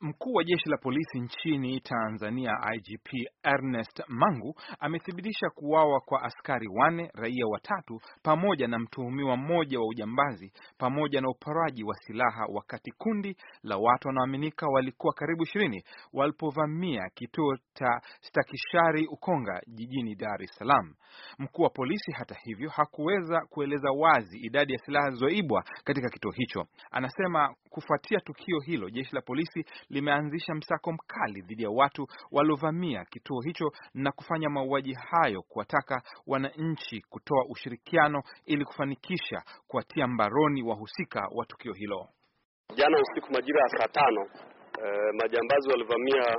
Mkuu wa jeshi la polisi nchini Tanzania IGP Ernest Mangu amethibitisha kuuawa kwa askari wane, raia watatu, pamoja na mtuhumiwa mmoja wa ujambazi pamoja na uporaji wa silaha, wakati kundi la watu wanaoaminika walikuwa karibu ishirini walipovamia kituo cha Stakishari Ukonga jijini Dar es Salaam. Mkuu wa polisi, hata hivyo, hakuweza kueleza wazi idadi ya silaha zilizoibwa katika kituo hicho. Anasema kufuatia tukio hilo jeshi la polisi limeanzisha msako mkali dhidi ya watu waliovamia kituo hicho na kufanya mauaji hayo, kuwataka wananchi kutoa ushirikiano ili kufanikisha kuwatia mbaroni wahusika wa tukio hilo. Jana usiku majira ya saa tano eh, majambazi walivamia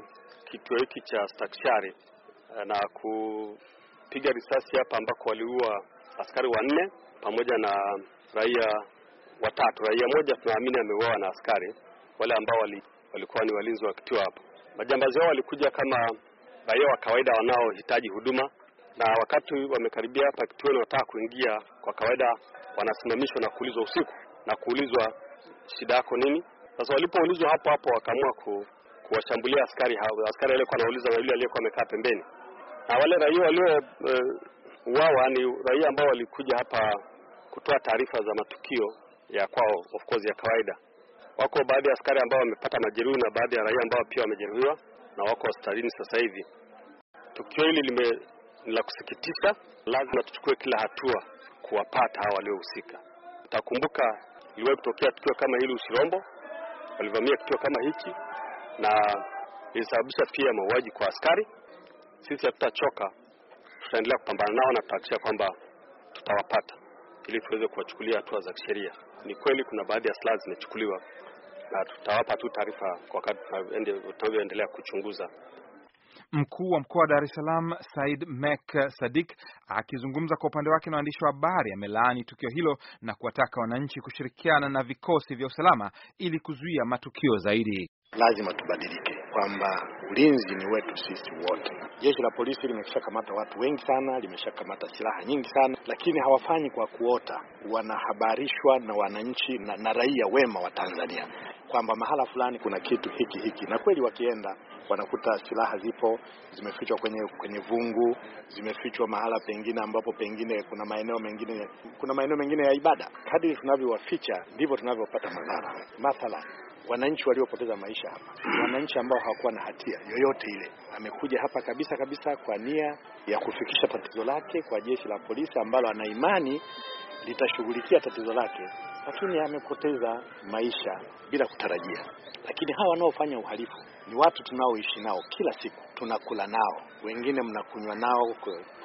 kituo hiki cha Stakshari eh, na kupiga risasi hapa ambako waliua askari wanne pamoja na raia watatu. Raia moja tunaamini ameuawa na askari wale ambao wali walikuwa ni walinzi wa kituo hapo. Majambazi wao walikuja kama raia wa kawaida wanaohitaji huduma, na wakati wamekaribia hapa na wataka kuingia, kwa kawaida wanasimamishwa na kuulizwa usiku na kuulizwa shida yako nini. Sasa walipoulizwa hapo hapo, wakaamua ku, kuwashambulia askari hao, askari aliyekuwa anauliza na yule aliyekuwa amekaa pembeni, na wale raia walio eh, uwawa ni raia ambao walikuja hapa kutoa taarifa za matukio ya kwao, of course ya kawaida. Wako baadhi ya askari ambao wamepata majeruhi na baadhi ya raia ambao pia wamejeruhiwa na wako hospitalini sasa hivi. Tukio hili lime la kusikitisha. Lazima tuchukue kila hatua kuwapata hawa waliohusika. Utakumbuka iliwahi kutokea tukio kama hili Ushirombo, walivamia kituo kama hiki na ilisababisha pia mauaji kwa askari. Sisi hatutachoka, tutaendelea kupambana nao na tutahakikisha kwamba tutawapata ili tuweze kuwachukulia hatua za kisheria. Ni kweli kuna baadhi ya silaha zimechukuliwa, na tutawapa tu taarifa kwa wakati tunavyoendelea kuchunguza. Mkuu wa mkoa wa Dar es Salaam Said Mek Sadik akizungumza kwa upande wake na waandishi wa habari amelaani tukio hilo na kuwataka wananchi kushirikiana na vikosi vya usalama ili kuzuia matukio zaidi. Lazima tubadilike kwamba ulinzi ni wetu sisi wote. Jeshi la polisi limeshakamata watu wengi sana, limeshakamata silaha nyingi sana, lakini hawafanyi kwa kuota. Wanahabarishwa na wananchi na, na raia wema wa Tanzania kwamba mahala fulani kuna kitu hiki hiki, na kweli wakienda wanakuta silaha zipo zimefichwa kwenye kwenye vungu, zimefichwa mahala pengine ambapo pengine kuna maeneo mengine kuna maeneo mengine ya ibada. Kadri tunavyowaficha ndivyo tunavyopata madhara mathala wananchi waliopoteza maisha hapa wananchi ambao hawakuwa na hatia yoyote ile. Amekuja hapa kabisa kabisa kwa nia ya kufikisha tatizo lake kwa jeshi la polisi ambalo ana imani litashughulikia tatizo lake, lakini amepoteza maisha bila kutarajia. Lakini hawa wanaofanya uhalifu ni watu tunaoishi nao kila siku, tunakula nao, wengine mnakunywa nao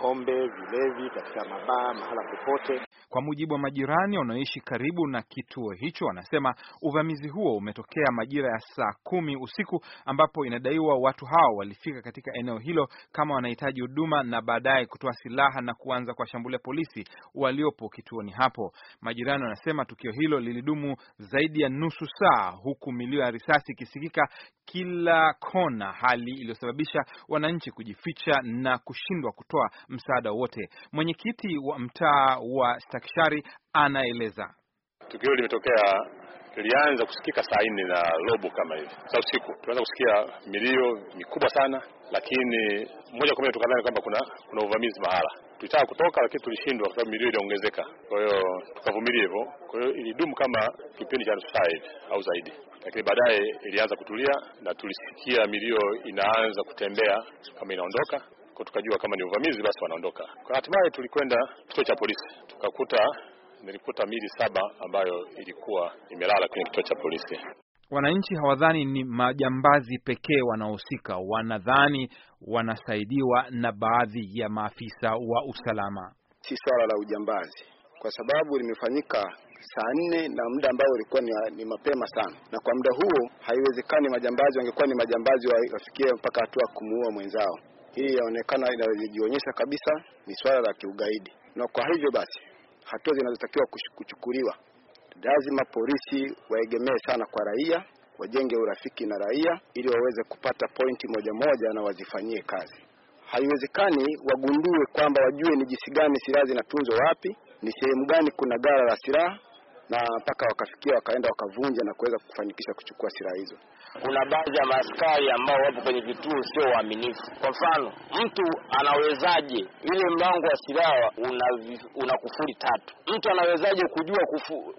pombe, vilevi, katika mabaa, mahala popote. Kwa mujibu wa majirani wanaoishi karibu na kituo hicho, wanasema uvamizi huo umetokea majira ya saa kumi usiku, ambapo inadaiwa watu hao walifika katika eneo hilo kama wanahitaji huduma na baadaye kutoa silaha na kuanza kuwashambulia polisi waliopo kituoni hapo. Majirani wanasema tukio hilo lilidumu zaidi ya nusu saa, huku milio ya risasi ikisikika kila kona, hali iliyosababisha wananchi kujificha na kushindwa kutoa msaada wote. Mwenyekiti wa mtaa wa Akshari anaeleza. Tukio limetokea lilianza kusikika saa nne na robo kama hivi za usiku, tunaanza kusikia milio mikubwa sana, lakini moja kwa moja tukadhani kwamba kuna kuna uvamizi mahala. Tulitaka kutoka, lakini tulishindwa kwa sababu milio iliongezeka. Kwa hiyo tukavumilia hivyo. Kwa hiyo ilidumu kama kipindi cha nusu saa hivi au zaidi, lakini baadaye ilianza kutulia na tulisikia milio inaanza kutembea kama inaondoka tukajua kama ni uvamizi basi wanaondoka. Hatimaye tulikwenda kituo cha polisi, wakakuta nilikuta mili saba ambayo ilikuwa imelala kwenye kituo cha polisi. Wananchi hawadhani ni majambazi pekee wanaohusika, wanadhani wanasaidiwa na baadhi ya maafisa wa usalama. Si swala la ujambazi kwa sababu limefanyika saa nne na muda ambao ulikuwa ni, ni mapema sana, na kwa muda huo haiwezekani majambazi, wangekuwa ni majambazi wafikie mpaka hatua kumuua mwenzao. Hii inaonekana inajionyesha kabisa ni swala la kiugaidi, na kwa hivyo basi hatua zinazotakiwa kuchukuliwa. Lazima polisi waegemee sana kwa raia, wajenge urafiki na raia ili waweze kupata pointi moja moja na wazifanyie kazi. Haiwezekani wagundue kwamba wajue ni jinsi gani silaha zinatunzwa wapi, ni sehemu gani kuna gara la silaha na mpaka wakafikia wakaenda wakavunja na kuweza kufanikisha kuchukua silaha hizo. Kuna baadhi ya maaskari ambao wapo kwenye vituo sio waaminifu. Kwa mfano, mtu anawezaje, ile mlango wa silaha una, una tatu, mtu anawezaje kujua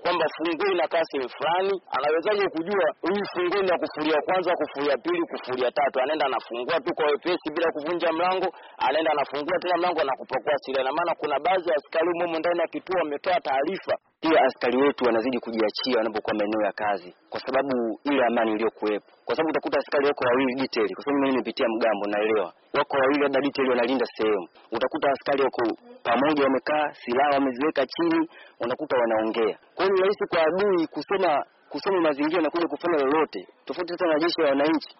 kwamba funguo inakaa sehemu fulani? Anawezaje kujua hii funguo ni ya kufuli ya kwanza, kufuri ya pili, kufuria ya tatu? Anaenda anafungua tu kwa wepesi bila kuvunja mlango, anaenda anafungua tena mlango, anakupakua silaha. Na maana kuna baadhi ya askari humo ndani ya kituo wametoa taarifa pia askari wetu wanazidi kujiachia wanapokuwa maeneo ya kazi, kwa sababu ile amani iliyokuwepo, kwa sababu utakuta askari wako wawili diteli, kwa sababu mimi nimepitia mgambo, naelewa wako wawili labda diteli wanalinda sehemu, utakuta askari wako pamoja, wamekaa silaha wameziweka chini, unakuta wanaongea. Kwa hiyo ni rahisi kwa adui kusoma kusoma mazingira na kuja kufanya lolote tofauti, hata na jeshi la wananchi.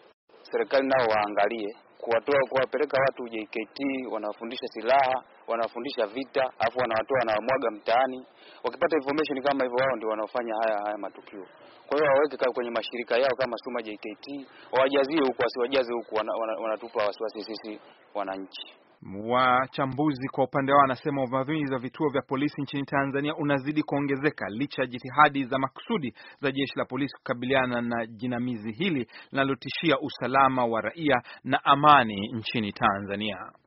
Serikali nao waangalie kuwatoa kuwapeleka watu JKT, wanawafundisha silaha, wanawafundisha vita, alafu wanawatoa wanawamwaga mtaani. Wakipata information kama hivyo, wao ndio wanaofanya haya haya matukio. Kwa hiyo waweke kwenye mashirika yao kama SUMA JKT, wawajazie huku, wasiwajaze huku, wanatupa wana, wana wasiwasi sisi wananchi. Wachambuzi kwa upande wao wanasema uvamizi wa vituo vya polisi nchini Tanzania unazidi kuongezeka licha ya jitihadi za makusudi za jeshi la polisi kukabiliana na jinamizi hili linalotishia usalama wa raia na amani nchini Tanzania.